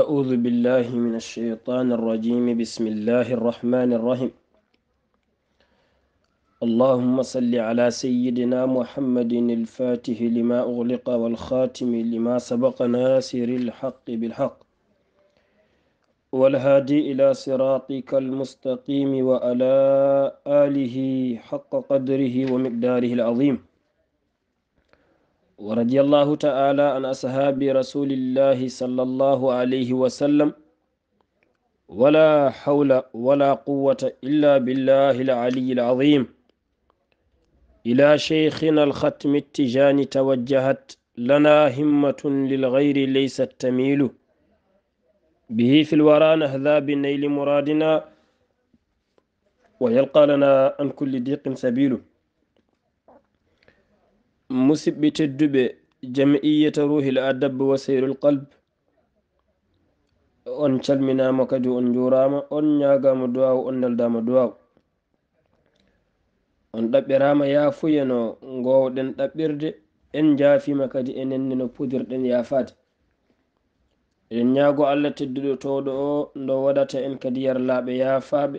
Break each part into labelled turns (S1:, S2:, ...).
S1: أعوذ بالله من الشيطان الرجيم بسم الله الرحمن الرحيم اللهم صل على سيدنا محمد الفاتح لما أغلق والخاتم لما سبق ناصر الحق بالحق والهادي إلى صراطك المستقيم وعلى آله حق قدره ومقداره العظيم ورضي الله تعالى عن أصحاب رسول الله صلى الله عليه وسلم ولا حول ولا قوة إلا بالله العلي العظيم إلى شيخنا الختم التجان توجهت لنا همة للغير ليست تميل به في الورى نهذا بنيل مرادنا ويلقى لنا عن كل ضيق سبيله musidɓe tedduɓe jamiyata ruhil adabe wa sayrul qalb on calminama kadi on jurama on ñagama duwaw on neldama duwaw on ɗaɓɓirama yafuye no gowɗen ɗaɓɓirde en jaafima kadi enenne no pudirɗen yafade eɗen ñaago allah tedduɗo towɗo o ndo waɗata en kadi yarlaɓe yafaɓe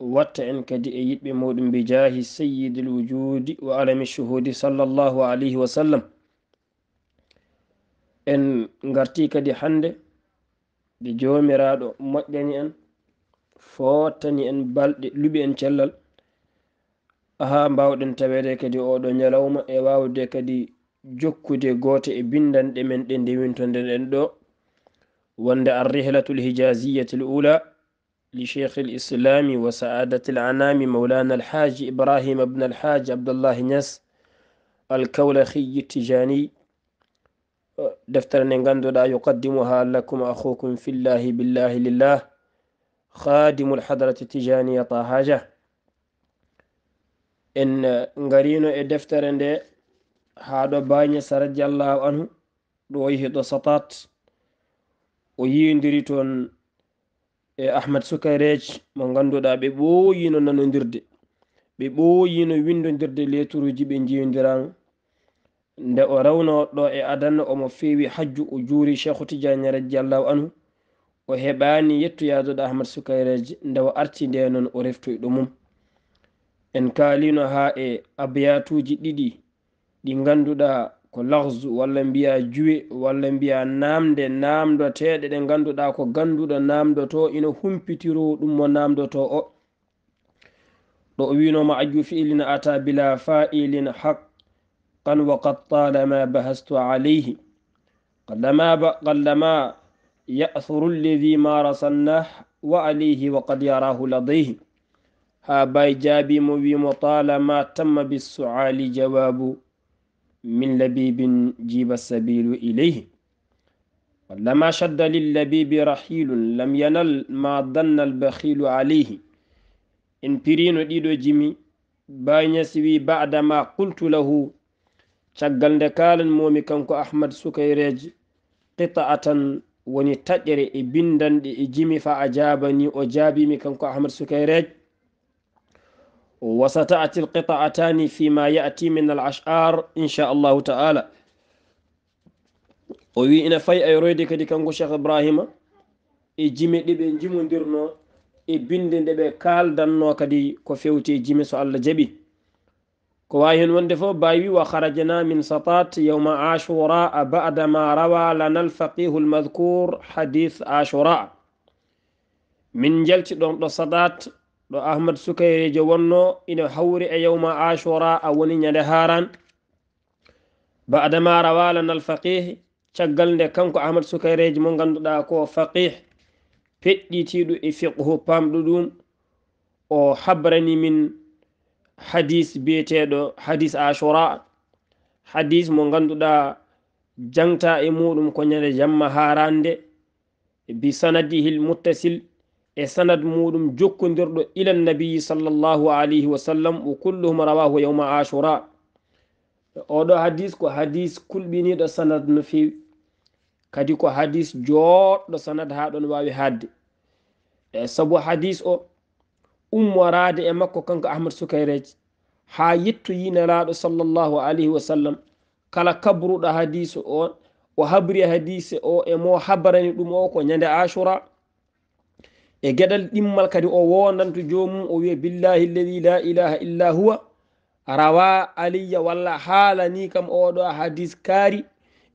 S1: watta en kadi e yiɓɓe muɗum bi jahi sayidil wujudi wa alami chuhudi sallllahu alayhi wa sallam en garti kadi hande ɓe jomiraɗo moƴƴani en fottani en balɗe luɓi en cellal ha mbawɗen tawede kadi oɗo ñalawma e wawde kadi jokkude goote e bindanɗe men ɗe ndewintoden en ɗo wonde ar rihlatul hijasiyatil ula لشيخ الإسلام وسعادة العنام مولانا الحاج إبراهيم بن الحاج عبد الله نس الكولخي التجاني دفتر نغاندو لا يقدمها لكم أخوكم في الله بالله لله خادم الحضرة التجانية طهاجة إن garino e ندي nde باني ɗo الله عنه radiallahu دو سطات o yehi e ahmad sukarej mo ganduɗa ɓe ɓooyino nanodirde ɓe ɓooyino windodirde leturuji ɓe jiyodiran nde o rawno ɗo e adana omo feewi hajju o juuri cheikhu tidiane radiallahu anhu o heɓani yettu yadoɗo ahmad sukarej nde o arti nde noon o reftoy ɗo mum en kalino ha e abiyatuji ɗiɗi ɗi ganduɗa ko lahzu walla mbiya juwe walla mbiya namde namdoteɗe ɗe ganduɗa ko ganduɗo namdoto ina humpitiro ɗum mo namdoto o ɗo o winoma ajju fiilina ata bila failin haqqan wa qad talama bahastu alayhi qallama yathuru alladhi marasannah wa alayhi wa qad yarahu ladayhi ha bay jaabimo wimo talama tamma bisuali jawabu من لبيب جيب السبيل إليه ولما شد للبيب رحيل لم ينل ما ظن البخيل عليه إن برينو ديدو جيمي باين سوي بعدما قلت له caggal nde kalan momi kanko ahmad sukayreje qita'atan woni taƴƴere e bindanɗe e jimi fa a jabani o jaabimi kanko ahmad sukayreje وستأتي القطعتان فيما يأتي من الأشعار إن شاء الله تعالى o wi ina fayi ay royde kadi kanko cheikh ibrahima e jime ɗiɓe jimodirno e binde nde ɓe kaldanno kadi ko fewti e jime so allah jaɓi ko wawi hen wonde fof bawi wa harajana min satat yawma ashura bada ma rawa lana alfaqihu lmadcour hadith ashura min jalti ɗon ɗo satat ɗo ahmad sukayrejo wonno ina hawri e yawma ashura a woni ñande haran ba adama rawalanal faqih caggal nde kanko ahmad sukayrejo mo ganduɗa ko faqih feɗɗitiɗo e fiqhu pamɗo ɗum o habrani min hadis biyeteɗo hadis ashura hadis mo ganduɗa jangta e muɗum ko ñande jamma harande bi sanadihil muttasil e sanad muɗum jokkodirɗo ila nabiyi sallllahu alayhi wa sallam wa kulluhum rawahu yawma ashura oɗo hadis ko hadis kulɓiniɗo sanad no fewi kadi ko hadis joɗɗo sanad ha ɗon wawi hadde e saabu hadis o ummorade e makko kanko ahmad sukayreji ha yettoyinalaɗo sallllahu alayhi wa sallam kala kabruɗo hadis o o habri hadise o e mo habarani ɗum o ko ñande ashura e geɗal ɗimmal kadi o wondanto jomum o wiya billahi alladi la ilaha illa huwa rawa aliya walla haalani kam oɗo hadis kaari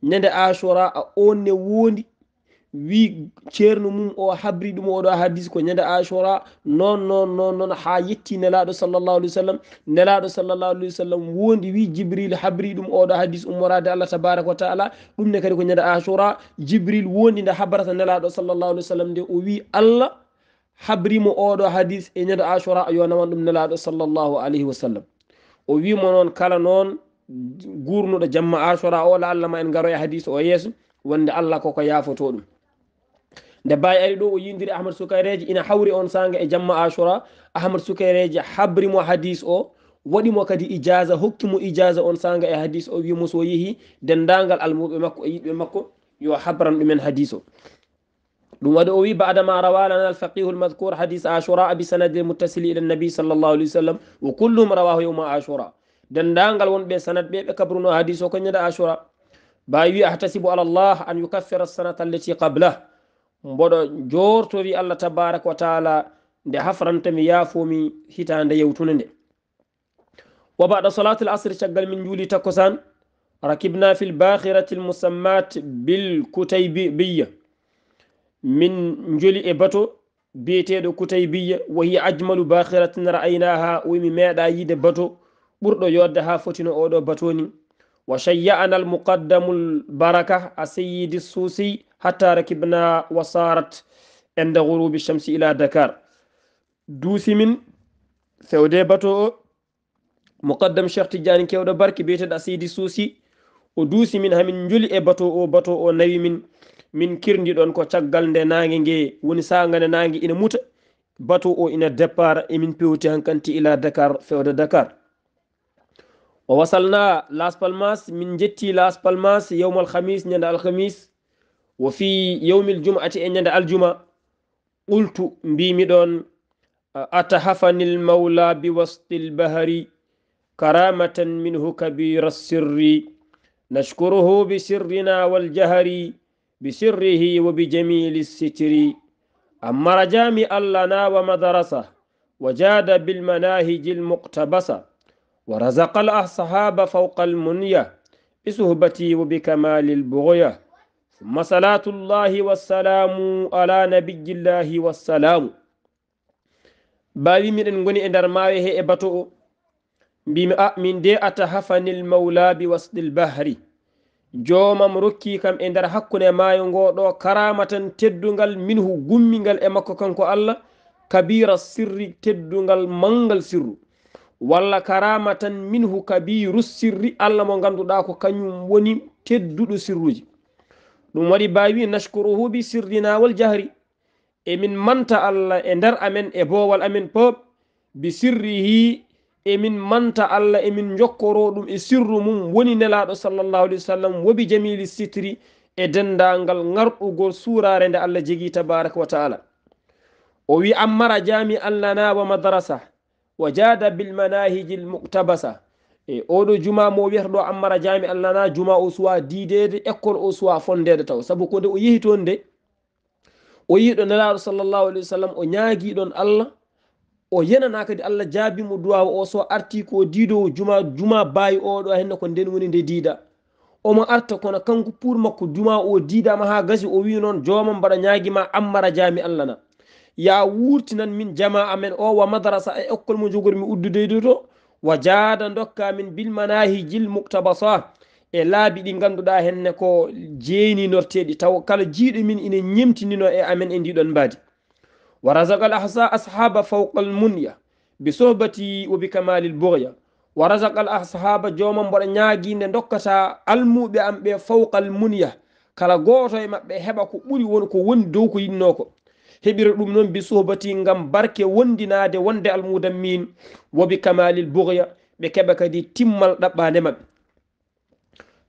S1: ñande asura a on ne wondi wi ceerno mum o habri ɗum oɗo hadis ko ñande asura non non non noon ha yetti nelaɗo sallllahu alih w sallam nelaɗo sallllahu alih w sallam wondi wi jibril habri ɗum oɗo hadis ummorade allah tabaraque wa taala ɗum ne kadi ko ñande asura jibril wondi nde habrata nelaɗo sallllahu alih w sallam nde o wi allah habrimo oɗo hadis e ñande asura yo naman ɗum nelaɗo sallllahu alayhi wa sallam o wimo noon kala noon gurnuɗo jamma asura o la allah ma en garo e hadis o yeeso wonde allah koko yaafoto ɗum nde bawi ari ɗo o yindiri ahmad sukareji ina hawri on sanga e jamma asura ahmad sukareji habrimo hadis o waɗimo kadi ijasa hokkimo ijasa on sanga e hadis o wimo so yeehi dendagal almuɓe makko e yiɗɓe makko yo habran ɗumen hadis o ɗum waɗi o wi badama rawalana alfaqihu lmadcour hadis ashura abi sanadi muttasili ila nabi sallllahu alih w sallam wo kulluhum rawahu yawma ashura dendagal wonɓe sanad ɓe ɓe kabruno hadis o kañada ashura ba wi ahtasibu ala llah an yukaffira sanata allati qablah mboɗo jortori allah tabaraka wa taala nde hafrantami yaafomi hitande yewtude nde wa bada salatul asri caggal min juuli takkosan rakibna fi lbakhirati lmusammat bilkutaybiya min joli e bato biyeteɗo koutaybiya wo hiya ajmalu bahiratin ra'aynaha wimi meeɗa yiide bato ɓurɗo yodde ha fotino oɗo bato ni wa shayya'ana al muqaddamu l baraka a seyidi suusi hatta rakibna wa sarat ende gurubi chamsi ila dakar duusi min fewde bato o muqaddam cheikh tidiani kewɗo barke biyeteɗo a seydi suusi o duusi min hamin joli e bato o bato o nawi min min kirdi ɗon ko caggal nde nage nge woni saga nde nage ina muta batu o ina départ emin pewti hankanti ila dakar fewde dakar o wasalna las palmas min jetti las palmas yawm alhamis ñande alhamis wo fi yawmil jumaati e ñande aljuma ɓultu mbimi ɗon atahafani lmawla biwasti lbahari karamatan minhu kabira sirri nashkuruhu bisirrina waljahari بسره وبجميل الستر أما رجام اللنا ومدرسة وجاد بالمناهج المقتبسة ورزق الأصحاب فوق المنية بسهبتي وبكمال البغية ثم صلاة الله والسلام على نبي الله والسلام بابي من غني اندر ماوي هي ابتو دي اتهفني المولى بوسط البحر joomam rokki kam e ndeer hakkunde maayo ngoo ɗoo karama tan teddungal minhu gummingal e makko kanko allah kabira sirri teddungal mangal sirru walla karama tan minhu kabiru sirri allah mo ngannduɗaa ko kañum woni tedduɗo sirruji ɗum waɗi baawi nashkuruhubi sirrinaawol jahri emin manta allah e ndeer amen e boowal amen pop bi sirrihii emin manta allah emin jokkoro ɗum e sirru mum woni nelaɗo sallllahu alih wa sallam wobi jamili sitri e dendangal garɗugol surare nde allah jegui tabaraka wa taala o wi ammara jami allah nawa madrasa wa jada bilmanahiji lmuctabasa e oɗo juma mo wiyata ɗo ammara jami allah na juma o suwa didede école o suwa fondede taw saabu ko nde o yeehi toon nde o yiiɗo nelaɗo sallllahu alih wa sallam o ñaguiɗon allah o yenana kadi allah jaabimo duwawa o so arti ko diidowo juma juma baawi oɗo henna ko nden woni nde diida omo arta kono kanko pour makko duma o diidama ha gasi o wi noon jooma mbaɗa ñaaguima ammara jaami allah na ya wurtinan min jama amen o wa madarasa e école mo jogormi uddudeydo to wa jaada dokka min bilmanahi jil moctabasa e laabi ɗi ganduɗa henne ko jeeninorteɗi taw kala jiiɗo min ina ñemtinino e amen e ndiɗon mbaadi wa razaqa al ahsa ashaba fawqa al munya bi sohbati wa bi kamali al bughya wa razaqa al ashaba joma mboɗo ñaguinde dokkata almuɓe am ɓe fawqa al munya kala goto e mabɓe heɓa ko ɓuuri won ko woni dow ko yinno ko heɓira ɗum noon bi sohbati gam barke wondinade wonde almudan min wa bi kamali al bughya ɓe keɓa kadi timmal ɗaɓɓade mabɓe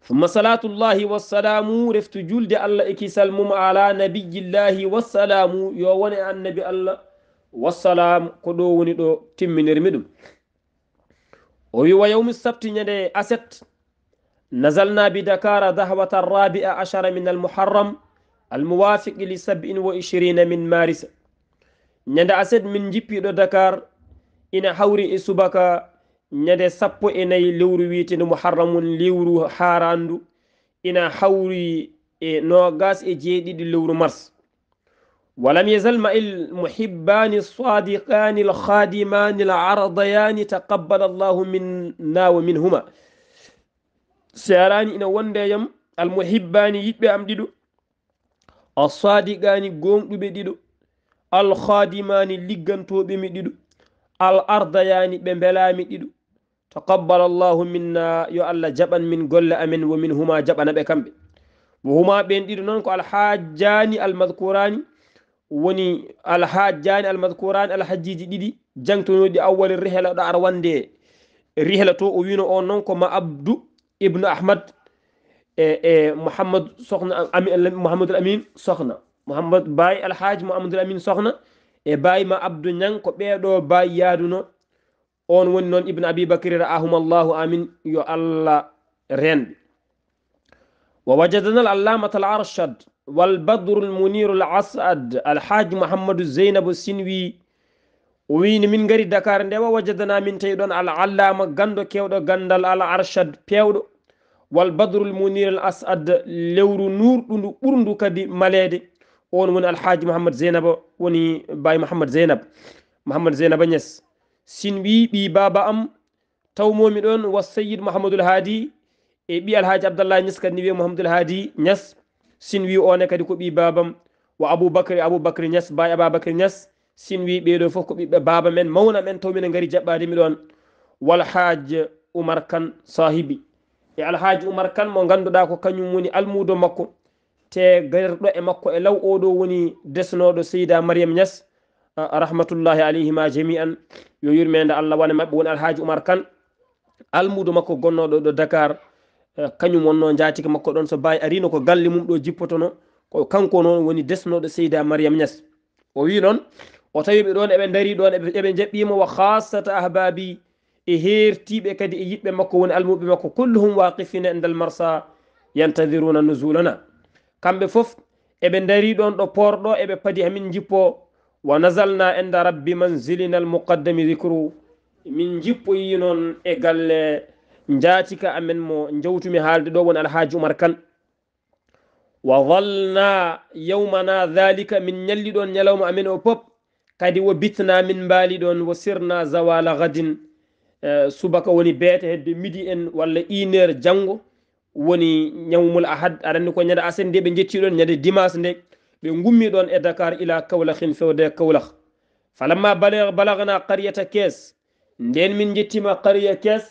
S1: summa salatullahi wassalamu reftu julde allah e kisal mum ala nabiyillahi wassalamu yo wone annabi allah wassalam ko ɗo woni ɗo timminirmi ɗum o wi wa yawmi sabti ñande aset nasalna bi dakara dahwata rabi'a achara min almouharram almowafiqi li sab'in wa ichirina min marisa ñande aset min jippiɗo dakar ina hawri e subaka ñande sappo e nayi lewru wiitende muharramun lewru harandu ina hawri e nogas e jeeɗiɗi lewru mars walam yazalma il muhibbani sadiqani alkhadimani l aradayani taqabbala llahu minna wa minhuma sarani ina wonde yam almuhibbani yiɓɓe am ɗiɗo asadiqani gonɗuɓe ɗiɗo alkhadimani liggantoɓemi ɗiɗo al ardayani ɓe belami ɗiɗo تقبل الله منا يؤلى جبن من قل أمن ومنهما جبن بكم وهما بين دينون الحاجان المذكوران وني الحاجان المذكوران الحجيج ديدي جنتو دي أول الرحلة دا أروان دي الرحلة تو وينو أو نونكو ما أبدو ابن أحمد إيه إيه محمد سخنا محمد الأمين سخنا محمد باي الحاج محمد الأمين سخنا إيه باي ما أبدو نانكو بيدو باي يادو on woni noon ibne abibacry rahumallahu amin yo allah renɓe wa wajadana al allamata al arshad wal badru l muniru l asad alhaji mouhammadou zeynabo sinwi o wini min gari dakar nde wa wajadana min tawi ɗon al allama gando kewɗo gandal al arshad pewɗo wal badru l munir al asad lewru nurɗu ndu ɓurndu kadi malede on woni alhaji mouhammad zeynaba woni bay mouhammad zeynab mouhammad zeynaba ñes sin wi ɓi baba am tawmomi ɗon wa sayid mouhamadoul haadi e ɓi alhaaji abdallah nias kadi ni wiye mouhamadoul haadi nias sin wi one kadi ko ɓi babam wa aboubacry aboubacry nias bay ababacry nias sin wi ɓeeɗo foof ko ɓiɓɓe baba men mawna men tawmine gaari jaɓɓadimi ɗon walhaaj oumar kane sahibi e alhaaji oumar kane mo ganduɗa ko kañum woni almudo makko te garerɗo e makko e law oɗo woni desnoɗo seyida mariame nias rahmatullahi alayhima jami an yo yurmede allah wane maɓɓe woni alhaji kan kane almudo makko gonnoɗo do dakar kanyum wonno ko mako don so bawi arino ko galli mum ɗo jippotono ko kanko non woni desnoɗo Sayyida Maryam Nyas o wi non o tawi don e eɓe dari don ɗon eɓe jaɓɓimo wa khassata ahbabi e heertiɓe kadi e yibbe mako woni almuɓe mako kulluhum waqifina indal marsa yantadiruna nuzulana kambe fof e eɓe dari don do pordo e be padi amin jippo wa nasalna inda rabbi manzilina al muqaddami dicru min jippoyi noon e galle njaatika amen mo jawtumi haalde ɗo woni alhaaji oumar kan wa dalna yawmana dhalika min ñalli ɗon ñalawma amen o pop kadi wo bitna min mbaali ɗon wo sirna zawala gadin subaka woni beete hedde midi en walla unaire janngo woni ñawmul ahad aɗanni ko ñande asen nde ɓe jettiɗon ñande dimanche nde ɓe gummi ɗon e dakar ila kawlahin fewde kawlah falamma balagna qariyata kees nden min jettima qariya kees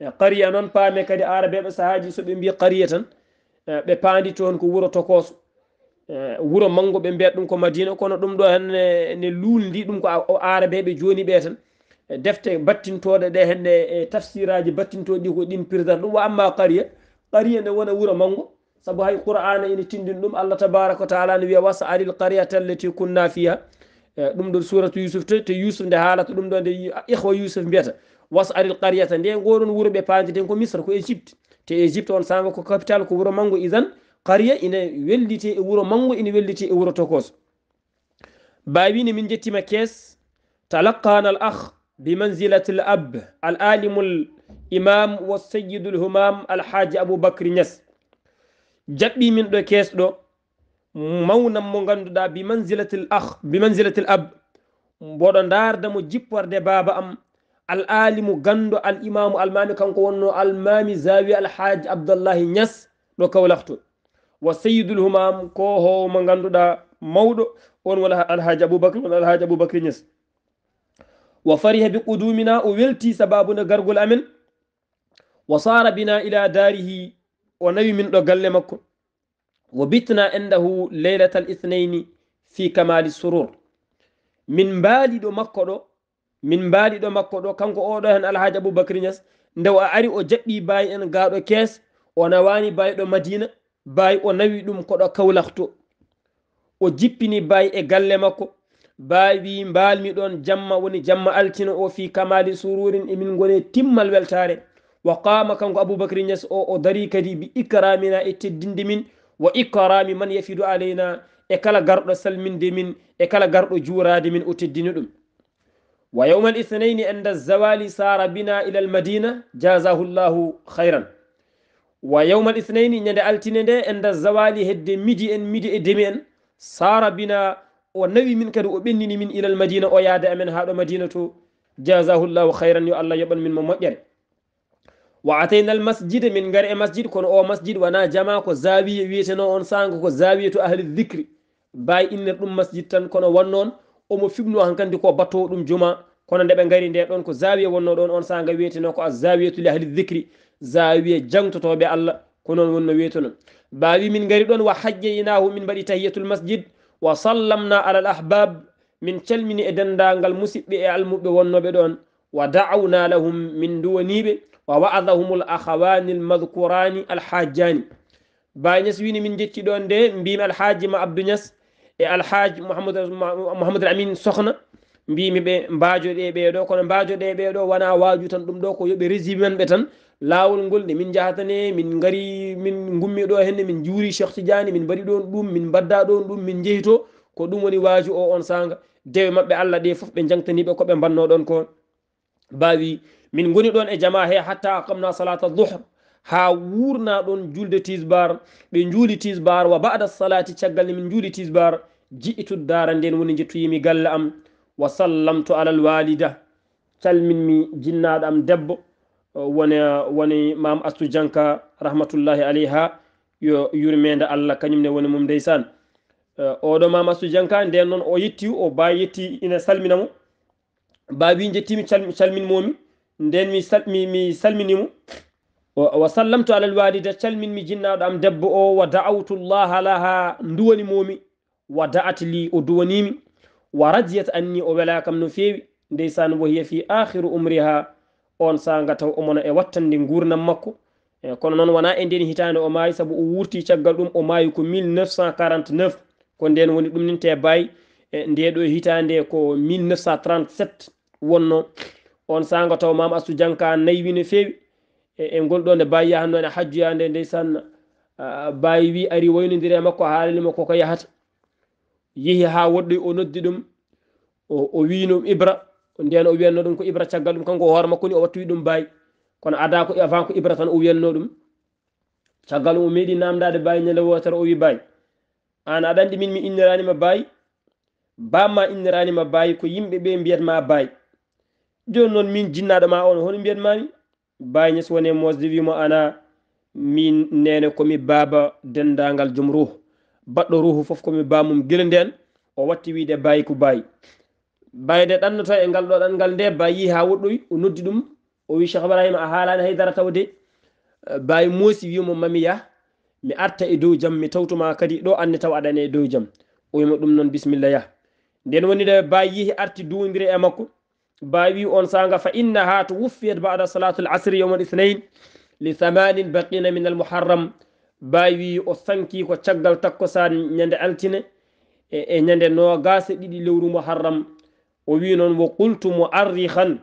S1: e qariya noon paame kadi arabeɓe sahaji soɓe mbi qariya tan e ɓe pandi toon ko wuuro tokoso e wuuro manggo ɓe mbiyata ɗum ko madina kono ɗum ɗo hen ne lulndi ɗum ko arabeɓe joni ɓe tan e defte battintoɗe ɗe hene tafsiraji battintoɗi ko ɗin pirdat ɗum wa amma qariya qariya nde wona wuuro manggo سبو هاي القرآن إني تندن نم الله تبارك وتعالى نبي واسع القرية التي كنا فيها نم دو سورة يوسف تي يوسف ده حالة نم دو إخوة يوسف بيتا واسع القرية تن دين غورن وور بيبان تن كو مصر كو إجيبت تي إجيبت وان سانغو كو كابتال كو ورو مانغو إذن قرية إني ولدي تي ورو مانغو إني ولدي تي ورو توكوس بابين من جتي مكيس تلقان الأخ بمنزلة الأب العالم الإمام والسيد الهمام الحاج أبو بكر نس jaɓɓi min ɗo keesɗo mawnam mo ngannduɗaa bi manzilatil ah bi manzilatil ab mboɗo ndaarda mo jippoorde baaba am al alimu ganndo al imamu almami kanko wonno almami zawia al haji abdallahi ñas ɗo kawlahto wa seyidul humam ko howo mo ngannduɗaa mawɗo on wona alhaji aboubacry won alhaji aboubacry ñas wa fariha bi qudumina o welti sababu no gargol amen wa sara bina ila darihi o nawi min ɗo galle makko wo bitna endahu leylatal ithnaini fi kamali surur min mbaaliɗo makko ɗo min mbaaliɗo makko ɗo kanko oɗo hen alhaji aboubacry nias nde o ari o jaɓɓi baayi en gaaɗo kees o nawani baayi ɗo madina baayi o nawi ɗum koɗo kawlahto o jippini baayi e galle makko baayi wi mbalmi ɗon jamma woni jamma altino o fi kamali sururin emin goni timmal weltare wa qama kanko aboubacry ñas o o dari kadi bi ikramina e teddinde min wa ikrami man yafidu aleyna e kala garɗo salminde min e kala garɗo juurade min o teddini ɗum wa yawma al ithnayni anda zawali sara bina ila al madina jasahu llahu hayran wa yawma al ithnayni ñande altine nde anda zawali hedde midi en midi e demi en sara bina o nawi min kadi o ɓennini min ila al madina o yaade amen haɗo madina to jasahu llahu hayran yo allah yoɓan min mo moƴƴere wa ataynal masjide min ngari e masjid kono o masjid wana jama ko zawiya wiyeteno on sanga ko zawiya to ahli dicri bay inner ɗum masjid tan kono wonnoon omo fimno hankkandi ko batto ɗum juma kono ndeɓe ngari nde ɗon ko zawiya wonno ɗon on sanga wiyeteno ko a zawiya tuli ahli dicri zawiya e jangtotoɓe allah ko noon wonno wiyetono bawi min ngari ɗon wa hajjeynahu min mbaɗi tahiyatul masjid wa sallamna ala al ahbab min calmini e dendangal musidɓe e almuɓe wonnoɓe ɗon wa da'awna lahum min duwaniɓe wa wa'adahumul akhawani almadhkurani alhajjani bañes wini min jecci ɗon de mbimi alhaji ma abdou nias e alhaji mohamadou mohamadoul amin sohna mbimi ɓe mbajoɗe ɓeɗo kono mbajoɗe ɓeɗo wona waju tan ɗum ɗo ko yoɓe résumi manɓe tan lawol ngol nde min jahatane min gari min gummiɗo henne min juuri cheikh tidiani min mbaɗi ɗon ɗum min badda ɗon ɗum min jeehito ko ɗum woni waju o on sanga dewe mabɓe allah ɗe foof ɓe jangtaniɓe koɓe mbanno ɗon ko bawi min goni ɗon e jama he hatta aqamna salata duhr ha wurna ɗon julde tisbar ɓe juuli tisbar wa bada salati caggal ni min juuli tisbar ji'itud dara nden woni jettoyimi galle am wa sallamtu alal walida calminmi jinnaɗo am debbo wone uh, woni uh, mam astu janka rahmatullahi aleyha yo yurmede allah kañumne woni mum ndeysan uh, oɗo mam astu janka nden noon o yetti o ba yetti ina salminamo ba wi jettimi calminmomi nden mi mi salminimo wa sallamtu ala alwalida calminmi jinnaɗo am debbo o wa da'awtu llaha laha nduwanimomi wa da'ati li o duwanimi wa radiyat anni o welakam no fewi ndeysan wohiya fi ahiru umriha on saanga taw omona e wattande gurnam makko e kono noon wona e nden hitande o maayi saabu o wurti caggal ɗum o maayi ko 1949 ko nden woni ɗum nin te baayi e ndeɗo hitande ko 1937 wonno on sanga taw mam astu janka nayi wino fewi e, e gol ɗo nde bayya hanno ene hajjuya nde nde sanna bayi wi ari waynodiri e makko haalanima koko yahata yeehi ha woɗɗoy o noddi ɗum o winom ibra nden o wiyanno ɗum ko ibra caggal ɗum kanko hoore makko ni o wattuwi ɗum bayi kono ada ko avant ko ibra tan o wiyanno ɗum caggal ɗum o meeɗi namdade bayi ñande wotere o wi bayi an aɗa anɗi min mi innirani ma bayi bamma inniranima bayi ko yimɓeɓe mbiyatma bayi joni noon min jinnaɗo ma on hono mbiyatmami bayñes woni e mosde wimo ana min nene komi baba dendangal joom ruhu baɗɗo ruhu foof komi bamum guila nden o watti wiide bayi ko bayi bayi de ɗannoto e ngal ɗo ɗanngal nde bayi yi ha woɗɗoy o noddi ɗum o wi cheikh ibrahima a haalani haydara tawde bayi moosi wimo mami yah mi arta e dow jaam mi tawtuma kadi ɗo anne taw aɗane e dow jaam o wima ɗum noon bisimilla yah nden woni de bayi yihi arti duwodiri e makko baawi on saanga fa innaha to wuffiyat bada salatul asri yawmal ithnain li thamanin baqina min al muharram baawi o sanki ko caggal takkosan ñande altine e, e ñande nogase ɗiɗi lewru muharram o wi noon wo qultu muarrihan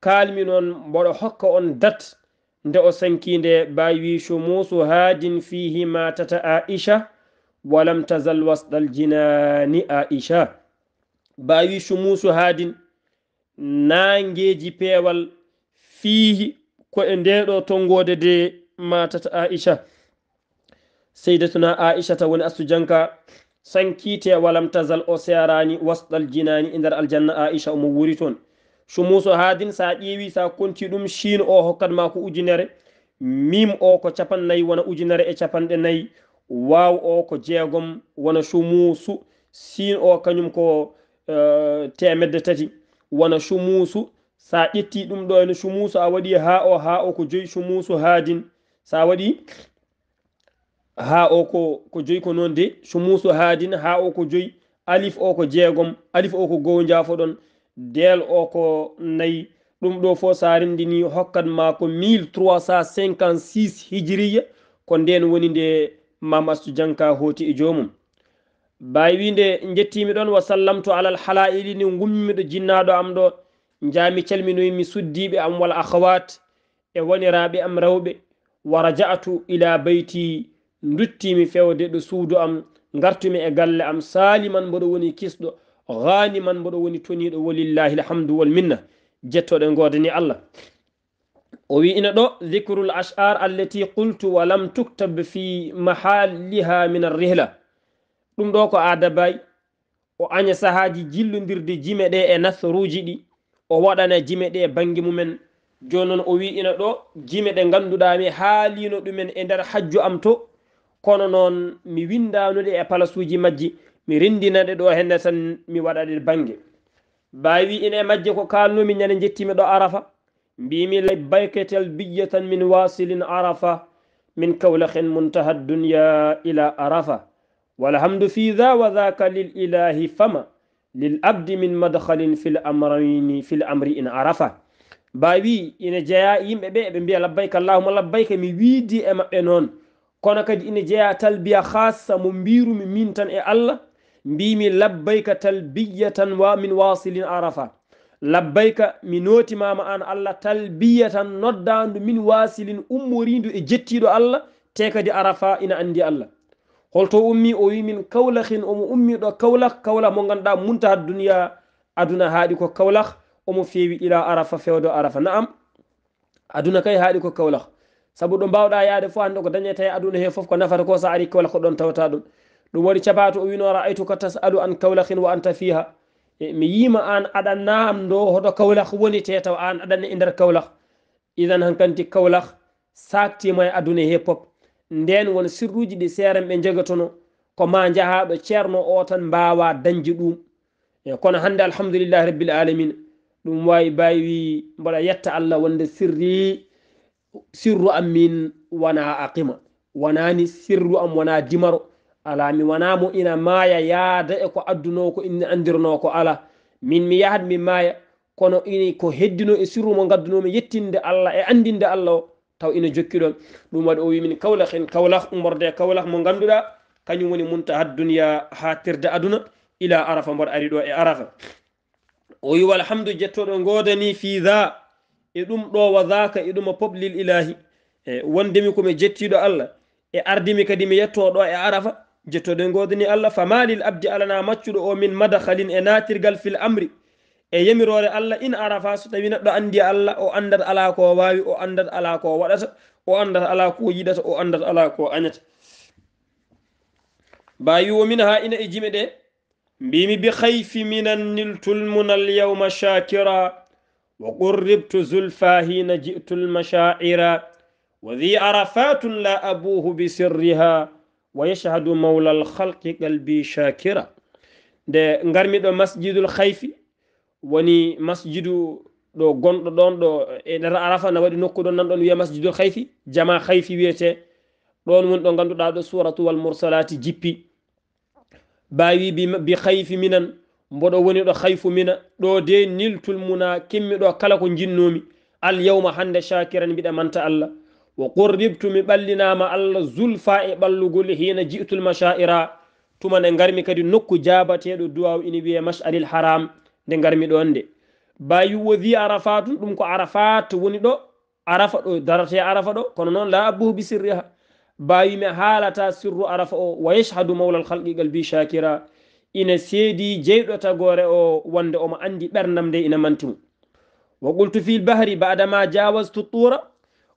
S1: kalmi noon mboɗo hokka on dat nde o sankinde baawi chomusu haadin fihi ma tata aicha walam tazal wasɗal jinani aicha baawi chomusu haadin nangeji peewal fiihi ko e ndeɗo tongode de matata aicha seydatuna aichata woni astujanka sankite e walam tasal o serani wasɗal jinani e nder aljanna aicha omo wuri toon sumuso haadin sa ƴeewi sa konti ɗum chine o hokkat ma ko ujunere mim o ko capan nayyi wona ujunere e capanɗe nayyi waw o ko jeegom wona sumusu sin o kañum ko eh, temedde tati wona sumusu sa ƴetti ɗum ɗo ene sumusu a waɗi ha o ha o ko joyi sumusu haadin sa waɗi ha o ko ko joyi ko noon de sumusu haadin ha o ko joyi alif o ko jeegom alif o ko gow jafoɗon del o ko nayyi ɗum ɗo fo sa rendini hokkat ma ko 1356 hijiriya ko nden woni nde mamastu janka hoti e jomum baawi wiinde njettiimi ɗoon wa sallam to alal halaili ni ngummimiɗo jinnaaɗo am ɗo njaami calminoy mi suddiiɓe am wala ahawat e woniraaɓe am rewɓe wa raja'atu ila beyti nduttiimi fewde ɗo suudu am ngartumi e galle am saaliman mboɗo woni kisɗo haaniman mboɗo woni toniiɗo walillahi alhamdu wal minna jettoɗe ngoodani allah o wi ina ɗo dicrul ashar allati qultu wa lam tuktab fi mahaliha min arrihla al ɗum ɗo ko adabay o aña sahaji jillodirde jime ɗe e nasaruji ɗi o waɗana jime ɗe e bangue mumen joni noon o wi ina ɗo jime ɗe ganduɗami haalino ɗumen e nder hajju am to kono noon mi windanude e palasuji majji mi rendinaɗe ɗo hende tan mi waɗaɗe bangue bawi wi ina e majje ko kalnumi ñande jettimi ɗo arafa mbimi la baiketel bijjatan min wasilin arafa min kawlahen muntaha dunia ila arafa walhamdu fi dha wa dhaka lililahi fama lil abdi min madhalin filamrini fil amri in arafa bawi ina jeeya yimɓe ɓe eɓe mbiya labbayka allahuma labbayka mi wiidi e maɓɓe noon kono kadi ina jeeya talbiya hassa mo mbirumi min tan e allah mbimi labbayka talbiya tan wa min wasilin arafa labbayka mi notimama an allah talbiya tan noddandu min wasilin ummorindu e jettiɗo allah te kadi arafa ina andi allah holto ummi o wimin kawlah hin omo ummiɗo kawlah kawlah mo ganduɗa muntahat duniya aduna haaɗi ko kawlah omo fewi ila arafa fewdo arafa naam aduna kay haaɗi ko kawlah saabu ɗo mbawɗa yaade fo hande ko dañete aduna he foof ko nafata ko sa ari kawlah ko ɗon tawata ɗum ɗum waɗi capatu o wino raaytu ko tas alu an kawlah hin wa anta fiha e mi yima an aɗannam ndo hoto kawlah woni te taw an aɗanni e nder kawlah idan hankkanti kawlah sactima e aduna he pop nden won sirruji ɗi seeran ɓe jogatono ko ma jahaɗo ceerno o tan mbawa dañji ɗum e kono hannde alhamdulillahi rabbil alamina ɗum wawi bawi wi mboɗa yetta allah wonde sirri sirru am min wona aqima wonani sirru am wona dimaro ala mi wona mo ina maaya yaada e ko adduno ko inni andirno ko ala min mi yahat mi maaya kono ini ko heddino e sirru mo gaddunomi yettinde allah e andinde allah o taw ina jokki ɗon ɗum waɗi o wimin kawlah en kawlah umorde kawlah mo ganduɗa kañum woni muntaha duniya ha tirde aduna ila arafa mboɗo ari ɗo e arafa o wi walhamdu jettoɗo godani fi ha e ɗum ɗo wa haka e ɗuma pop lil ilahi e wondemi komi jettiɗo allah e ardimi kadi mi yetto ɗo e arafa jettoɗo godani allah fa ma lil abdi alana maccuɗo o min madahalin e natirgal fil amri e yamirore allah in arafa so tawi neɗɗo andi e allah o andat ala ko wawi o andat ala ko waɗata o andat ala ko yiɗata o andat ala ko añata bayiwo min ha ina e jime ɗe mbimi bi khayfi minan niltul munal yawma shakira wa qurribtu zulfahina ji'tul mashaira wa dhi arafatun la abuhu bi sirriha wa yashhadu mawla al khalqi qalbi shakira nde ngarmiɗo masjidul khayfi woni masjidu do gondo don do e nder arafa na wadi nokku don nan don wi masjidu hayfi jama hayfi wiete don mun do ganduda do suratu wal mursalati jippi bawi bi bi hayfi minan mboɗo woni do hayfu mina do de niltul muna kimmi do kala ko jinnomi al yawma hande shakiran mbiɗa manta alla wa qurribtu mi ballina ma alla zulfa e ɓallugol hina jiitul mashaira tuma nde garmi kadi nokku jabate do duaw ini wi masharil haram nde garmi ɗon nde bayiwo wi arafatun ɗum ko arafat woni ɗo arafa ɗo darate arafa ɗo kono noon la abuhu bi sirriha bayimi haalata sirru arafa o wa yeshhadu mawla alhalqigal bi shakira ina seedi jeyɗota gore o wonde omo andi ɓernam nde ina mantimu wa qultu fi lbahri badama jawastu tura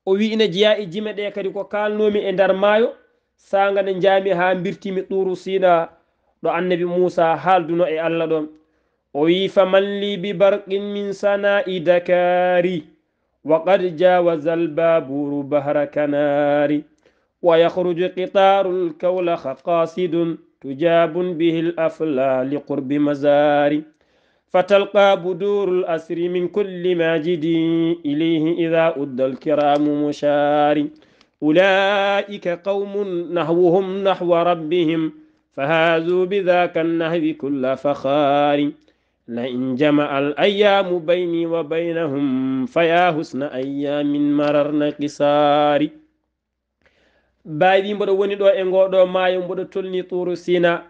S1: o wi ina jeeya e jime ɗe kadi ko kalnomi e nder maayo saga nde jami ha birtimi turu sina ɗo annabi moussa haalduno e allah ɗon o من لي ببرق من سناء دكاري وقد جاوز البابور بهر كناري ويخرج قطار الكولخ قاصد تجاب به الأفلا لقرب مزاري فتلقى بدور الأسر من كل ماجد إليه إذا أد الكرام مشاري أولئك قوم نهوهم نحو ربهم فهازوا بذاك النهب كل فخاري la in jama al ayyamu bayni wa baynahum faya husna ayyamin mararna qisari baawi mboɗo woni ɗo e ngoɗo maayo mboɗo tolni tuuru sina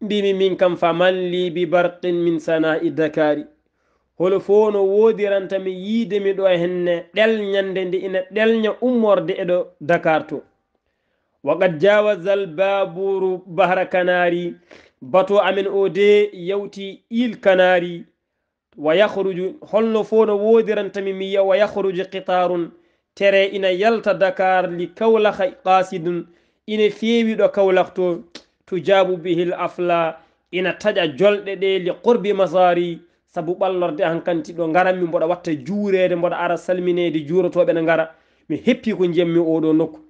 S1: mbimi min kam faman li bi barqin min sana'i dakari holo fof no woodirantami yiidemi ɗo henne ɗel ñande nde ina ɗelña ummorde eɗo dakar to wa qad jawasa al baburu bahra canari bato amin o de yawti il kanari wa yahruju holno fof no wodirantami mi yiya wa yahruju qitarun tere ina yalta dakar li kawlaha qasidun ina feewiɗo kawlah to tu jabu bihil afla ina taƴa jolɗe ɗe li qurbi masari saabu ɓallorde han kanti ɗo garanmi mboɗa watta juurede mboɗa ara salminede juurotoɓe ne gara mi heppi ko jiyammi oɗo nokku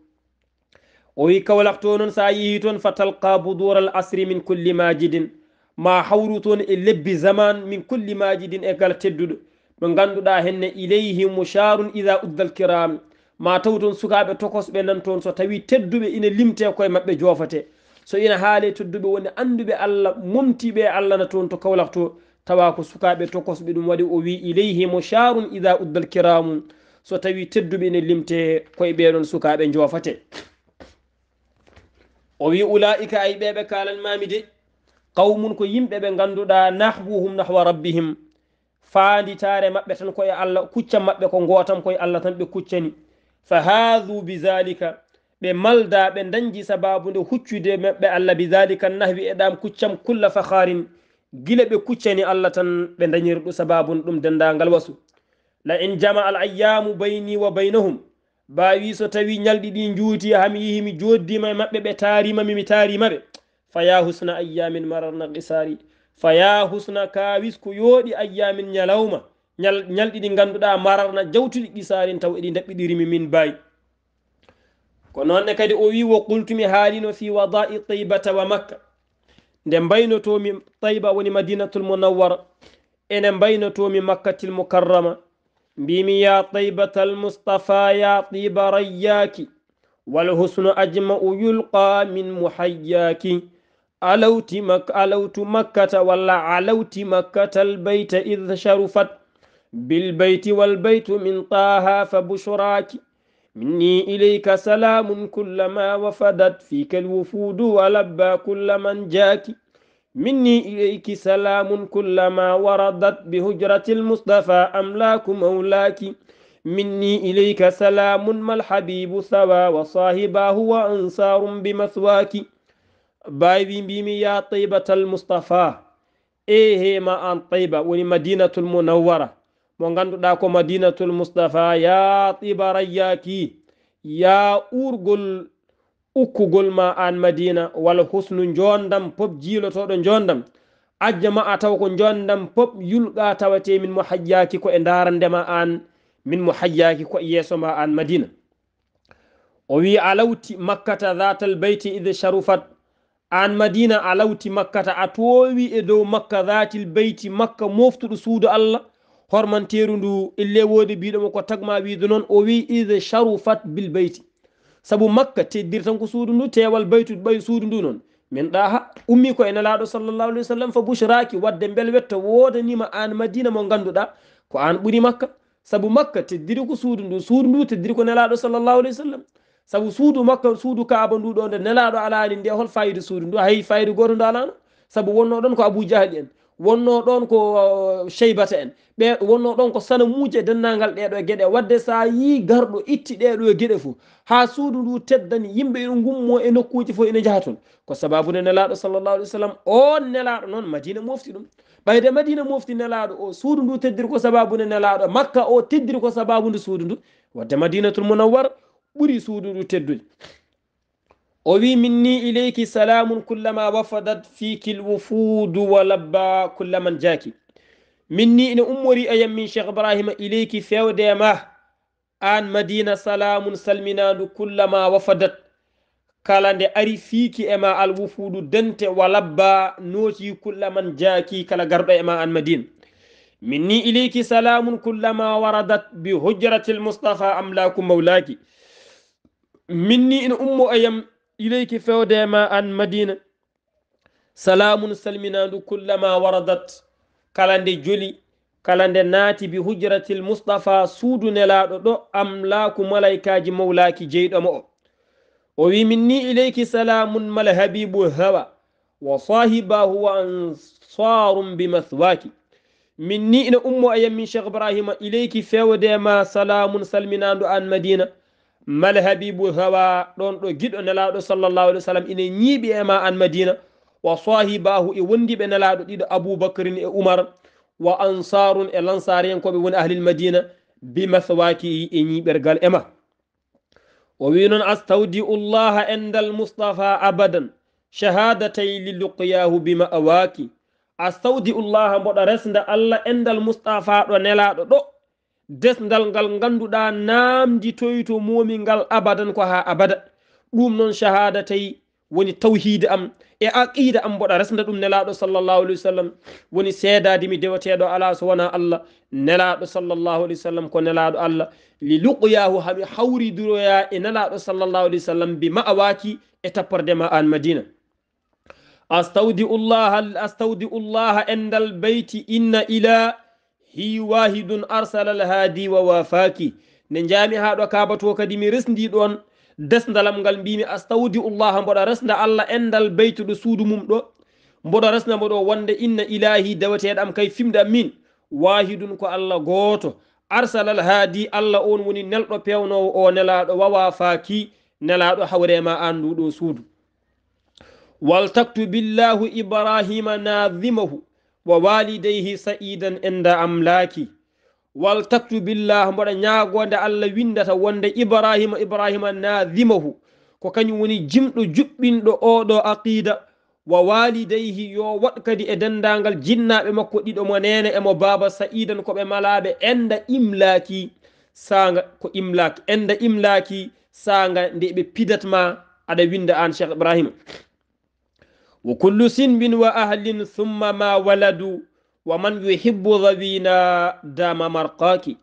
S1: o wi kawlak to noon sa yeehi toon fa talqa boudour al asri min kulli majidin ma hawru toon e lebbi zaman min kulli majidin e gal tedduɗo ɓe ganduɗa henne ileyhi musharun ida uddal kiram ma taw toon sukaɓe tokosɓe nan toon so tawi tedduɓe ina limte koye mabɓe joofate so ina haale tedduɓe woni anduɓe allah momtiɓe allah na toon to kawlak to tawa ko sukaɓe tokosɓe ɗum waɗi o wi ileyhi musharun ida uddal kiramu so tawi tedduɓe ina limte koye ɓeɗon sukaɓe joofate o wi ulaika ay ɓeɓe kalanmami de qawmun ko yimɓeɓe ganduɗa nahbuhum nahwa rabbihim faandi tare mabɓe tan koye allah kuccan mabɓe ko gotan koye allah tan ɓe kuccani fa hadu bizalika ɓe malda ɓe dañji sababude huccude mabɓe allah bizalika nahwi e ɗam kuccam kulla fahaarin guila ɓe kuccani allah tan ɓe dañiri ɗu sababude ɗum dendagal wasu la in jama al ayyamu bayni wa baynahum baawi so tawi ñalɗi ɗi juuti hami yihi mi joddima e maɓɓe ɓe taarima mimi taarima ɓe faya husna ayamin mararna qisari faya husna kawis ko yooɗi ayamin ñalawma ñalɗi ɗi ganduɗa mararna jawtuɗi qisarin taw eɗi daɓɓiɗirimi min baawi ko noonne kadi o wi wo qultumi haalino fi wadai taybata wa makka nde mbaynotomi tayba woni madinatul munawwara ene mbaynotomi makkatil mukarrama mbimi يا طيبة المصطفى يا طيب رياك والحسن أجمع يلقى من محياك علوت مك علوت مكة ولا علوت مكة البيت إذ شرفت بالبيت والبيت من طه فبشراك مني إليك سلام كلما وفدت فيك الوفود ولبى كل من جاكي مني إليك سلام كلما وردت بهجرة المصطفى أملاك مولاك مني إليك سلام ما الحبيب سوى وصاحباه وأنصار بمثواك باي بيمي يا طيبة المصطفى إيه ما أن طيبة ولمدينة المنورة مغاندو داكو مدينة المصطفى يا طيبة رياكي يا أورغل ukkugol ma an madina wala husnu jondam pop jiilotoɗo jondam ajja ma a tawa ko jondam pop yulga tawate min mo hajjaki ko e darandema an min mo hajjaki ko e yeso ma an madina o wi alawti makkata zatal bayti ida sharufat an madina alawti makkata a towi e dow makka zatil bayti makka moftuɗo suudu allah hormanteru ndu ille wodi biɗomo ko tagma wiide noon o wi ida sharufat bil bayti saabu makka teddir tan ko suudu ndu tewal baytude ɓay suudu ndu noon min ɗa ha ummi koye nelaɗo sallllahu alih wa sallam fa bushraki wadde bel wetta woodanima an madina mo ganduɗa ko an ɓuuri makka saabu makka teddiri ko suudu ndu suudu ndu teddiri ko nelaɗo sallllahu alih wa sallam saabu suudu makka suudu kaaba ndu ɗo nde nelaɗo alani nde e hol fayida suudu ndu hayi fayida goto ndu alano saabu wonno ɗon ko abou diahli en wonno ɗon ko cheybata uh, en ɓe wonno ɗon ko sana muuje dennangal ɗeɗo e gueɗe wadde sa yi garɗo itti ɗeɗo e gueɗe fo ha suudu ndu teddani yimɓe ene gummo e nokkuji fo ene jaha toon ko sababude nelaɗo sallallah alih w sallam o nelaɗo noon madina mofti ɗum ɓayde madina mofti nelaɗo o suudu ndu teddiri ko sababude nelaɗo makka o teddiri ko sababude suudu ndu wadde madinatul munawwar ɓuuri suudu ndu teddude o wi minni ileyki salamun kullama wafadat fiki lwufudu wa labba kulla man jaki minni ina ummori ayan min cheikh ibrahima ileyki fewde e ma an madina salamun salminadu kullama wafadat kala nde ari fiiki e ma alwufudu dente wa labba nooti kulla man jaaki kala garɗo e ma an madina minni ileyki salamun kullama waradat bi hujrati lmustapha amlaku mawlaki minni ina ummo ayam إليك فودما أن مدينة سلام سلمنا كلما وردت كلاند جولي كلاند ناتي بهجرة المصطفى سود نلادو أملاك ملايكاج مولاك جيد أمو ووي مني إليك سلام مل حبيب وصاحبا هو أنصار بمثواك مني إن أمو أيام من شيخ إبراهيم إليك فودما سلام سلمنا أن مدينة malhabibu hawa ɗon ɗo giɗo nelaɗo sallallahu alaihi wasallam sallam ina ñiiɓi e ma an madina wa sahibahu e wondiɓe nelaɗo ɗiɗo aboubacrin e oumar wa ansarun e lansari en koɓe woni ahlil madina bi maswakihi e ñiɓergal e ma o wi noon astawdi'u llaha abadan shahadatay li luqyahu bima awaki astawdi'u llaha mboɗo resda allah endal mustapha ɗo nelaɗo desdal ngal ganduɗa namdi toyi to momi ngal abadan ko ha abada ɗum noon shahada tawi woni tawhide am e aqida am mboɗa resda ɗum nelaɗo sallllahu alih wa sallam woni seedadimi deweteɗo ala so wona allah nelaɗo sallllahu alih wa sallam ko nelaɗo allah li luqyahu hami hawriduroya e nelaɗo sallllahu alih wa sallam bi e ma awaki e tappordema an madina astawdi ullaha astawdi ullaha endal beyti inna ila hi wahidun arsala alhadi wa wafaki ne jami haɗo kabato kadi mi resdi ɗon desdalam ngal mbimi astawdi ullah mboɗo resda allah endal beytuɗo suudu mum ɗo mboɗo resna mboɗo wonde inna ilahi daweteɗam kay fimɗam min wahidun ko allah goto arsala alhadi allah on woni nelɗo pewnowo o nelaɗo wawa faki nelaɗo hawrema an nduɗo suudu waltaktu billahu ibrahima nadimahu wa walidayhi sa'idan inda amlaki wal taktu billah mboɗa ñaagode allah windata wonde ibrahima ibrahima nadimahu ko kañum woni jimɗo juɓɓinɗo oɗo aqida wa walidayhi yo waɗ kadi e dendagal jinnaɓe makko ɗiɗo mo nene emo baba sa'idan koɓe malaɓe enda imlaki saga ko imlak enda imlaki saga ndeɓe pidatma aɗa winda an cheikh ibrahima wa kullu sinbin wa ahlin summa ma waladu wa man yuhibbu rawina dama marqaki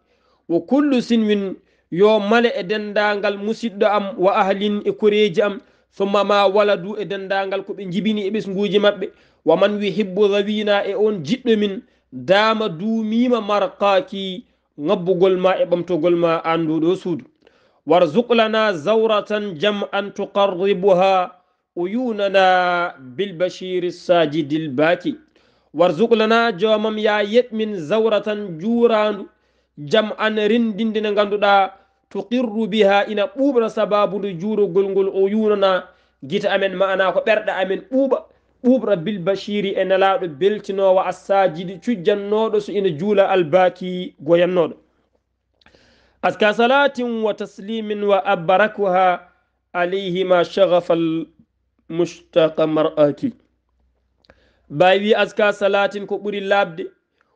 S1: wa kullu sinbin yo male e dendangal musidɗo am wa ahlin e koreji am summa ma waladu e dendangal koɓe jibini e ɓesguji mabɓe wa man yuhibbu rawina e on jiɗɗo min dama duumima marqaki ngabbugol ma e ɓamtogol ma anduɗo suudu warzuqlana zawratan jam an tuqarribuha uyunana bilbashir sajidil baki warzuqlana jomam ya yeɓmin zawratan juraandu jam an rindinde nde ngannduɗa tuqirru biha ina ɓuuɓra sababundu juurogol ngol o yunana gita amen ma'ana ko ɓerɗa amen ɓuuɓa ɓuuɓra bilbashiri e nalaɗo beltinowo assajidi cujjannoɗo so ina juula albaki goyannoɗo aska salatin wa taslimin wa abarakuha alayhima chagafal mustaka mar'ati bay wi aska salatin ko ɓuri labde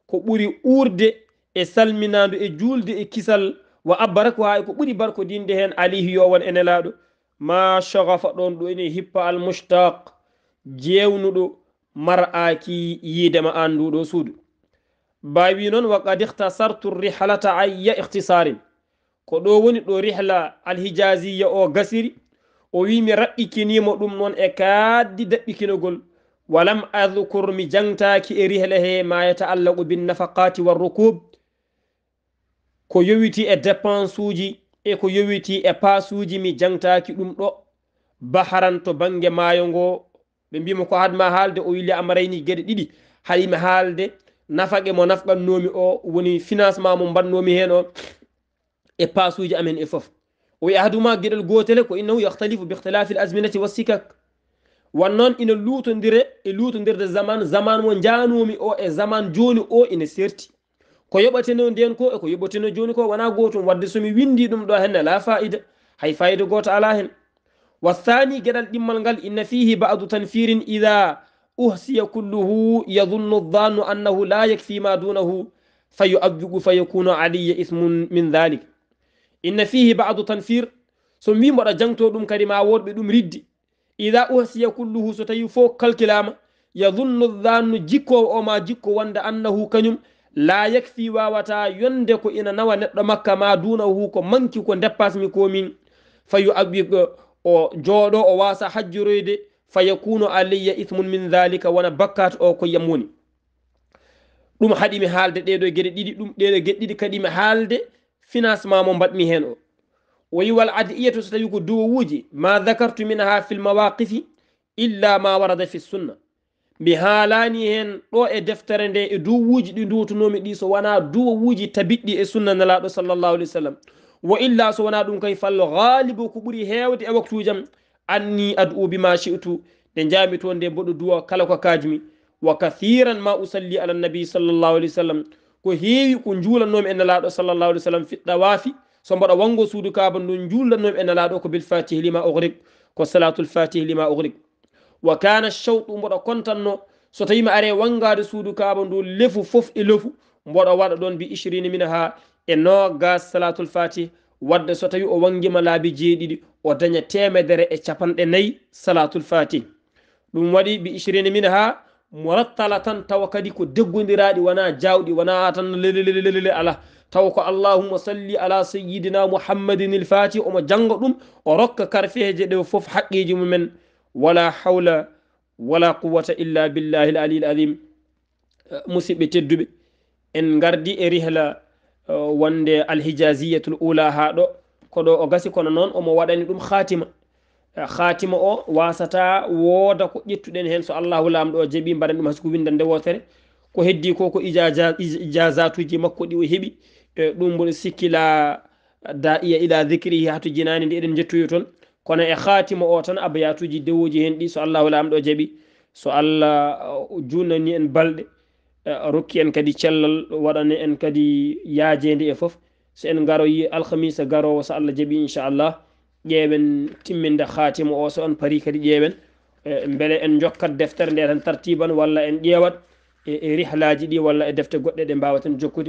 S1: ko ɓuri urde e salminadu e julde e kisal wa abbarako ha ko ɓuri barko dinde hen alihi yowan ene laɗo ma shagafa ɗon ɗo ene hippa al mustaq jewnuɗo mar'aki yidema an nduɗo suudu bay wi noon wa qad ihtasartu rihlata aya ihtisarin ko ɗo woni ɗo rihla alhijasiya o gasiri o wi mi raɓɓikinimo ɗum noon e kaddi daɓɓikinogol walam adcour mi jangtaki e rihle he ma yataallaqu bin nafaqati warrokub ko yowiti e dépense uji e ko yowiti e pasuji mi jangtaki ɗum ɗo baharan to bangue maayo ngo ɓe mbimo ko hadma haalde o wili amarayni gueɗe ɗiɗi haɗimi haalde nafaqe mo nafqannomi o woni financement mo mbannomi hen o e pasuji amen e foof وأحدهما قد القوتلك وإنه يختلف باختلاف الأزمنة والسكك wannan ina lutondire e lutondirde zaman zaman mo janumi o e zaman joni o ina serti ko yoɓateno nden ko eko yoɓateno joni ko wona gotum wadde somi windi ɗum ɗo hen ala fa'ida hay fa'ida goto ala hen wathani gueɗal ɗimmal ngal inna fihi badu tanfirin ida uhsiya kulluhu yadunnu dhannu annahu la yakfi ma dunahu fayu'abbigu fayakunu alayya ithmun min dhalik inna fihi badu tanfir so mbimo ɗa jangto ɗum kadi ma wodɓe ɗum riddi ida uhsiya kulluhu so tawi fo calculama yadunnu dannu jikkowo o ma jikko wonde annahu kañum la yakfi wawata yonde ko ina nawa neɗɗo makka ma dunahu ko manki ko dépasmi komin fayu abi o jooɗo o wasa hajjoroyde fa yakunu alayya ithmun min dalika wona bakkat o koyyam woni ɗum haɗimi haalde ɗeɗo gueɗe ɗiɗi ɗum ɗeɗo gueɗe ɗiɗi kadimi haalde financement mo mbaɗmi heen o wa yiwal adiyatu so tawi ko duwowuuji ma dacartu min ha fil mawaqifi illa ma warada fi sunna mi haalani heen ɗo e deftere nde e duwowuuji ɗi duwtunomi ɗi so wona duwowuuji tabiɗɗi e sunna nalaɗo sallllahu alih w sallam wa illa so wona ɗum kay fallo ghalibu ko ɓuri heewde e waktujam anni ad'u bima chi'tu nde jami to nde mboɗo duwa kala ko kajumi wa kathiran ma usalli ala nabi sallllahu alih w sallam ko heewi ko njuulannomi e nalaaɗo sallllahu alih w sallam fiɗɗa waafi so mbaɗa wango suudu kaaba ndu njuulannomi e nalaaɗo ko bilfatihi lima ugrik ko salatul fatihi lima ugrik wa kana chawtu mboɗa kontanno so tawi mi are wangade suudu kaaba ndu lefu foof e lefu mboɗa waɗa ɗon bi ishirini mina ha e nogas salatul fatih wadde so tawi o wangima laabi jeeɗiɗi o daña temedere e capanɗe nayyi salatul fatih ɗum waɗi bi ishirini mina ha murattala tan tawa kadi ko deggodiraɗi wona jawɗi wona tan lelelelelele ala tawa ko allahuma salli ala sayidina muhammadin ilfati omo janggo ɗum o rokka karfeje ɗe foof haqqiji mumen wala hawla wala quwata illa billahi l aliil adim musidɓe tedduɓe en gardi e rihla e, wonde alhijasiyatul ula ha ɗo koɗo o gasi kono noon omo waɗani ɗum khatima khatima o wasata wooda ko ƴettuɗen heen so allahu laamɗo o jaɓi mbaɗen ɗum haysko winda nde wootere ko heddi ko ko ijajat uji makko ɗi o heɓi e ɗum mboɗo sikkila daiya ila dicrihi hato jinani nde eɗen jettoyo toon kono e khatima o tan abayatuji dewoji hen ɗi so allahu laamɗo o jaɓi so allah junani en balɗe e rokki en kadi cellal waɗani en kadi yaajede e foof so en garoyi alkhamisa garowo so allah jaɓi inchallah جيبن تمند خاتم أوسو أن بريك جيبن بل أن جوك دفتر لأن ترتيبا ولا أن جيوات رحلة جدي ولا دفتر قد دم باوتن جوكود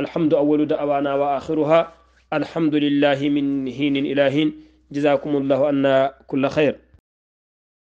S1: الحمد أول دعوانا وآخرها الحمد لله من حين إلى جزاكم الله أن كل خير